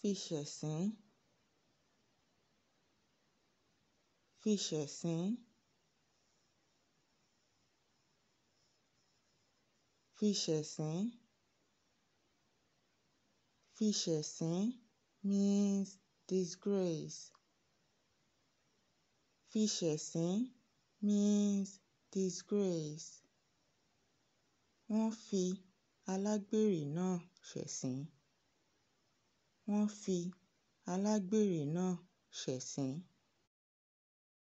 fi ṣẹ̀sín fi ṣẹ̀sín fi ṣẹ̀sín fi ṣẹ̀sín means disgrace fi ṣẹ̀sín means disgrace wọ́n fi alágbèrè náà ṣẹ̀sín wọ́n fi alágbèrè náà ṣẹ̀sín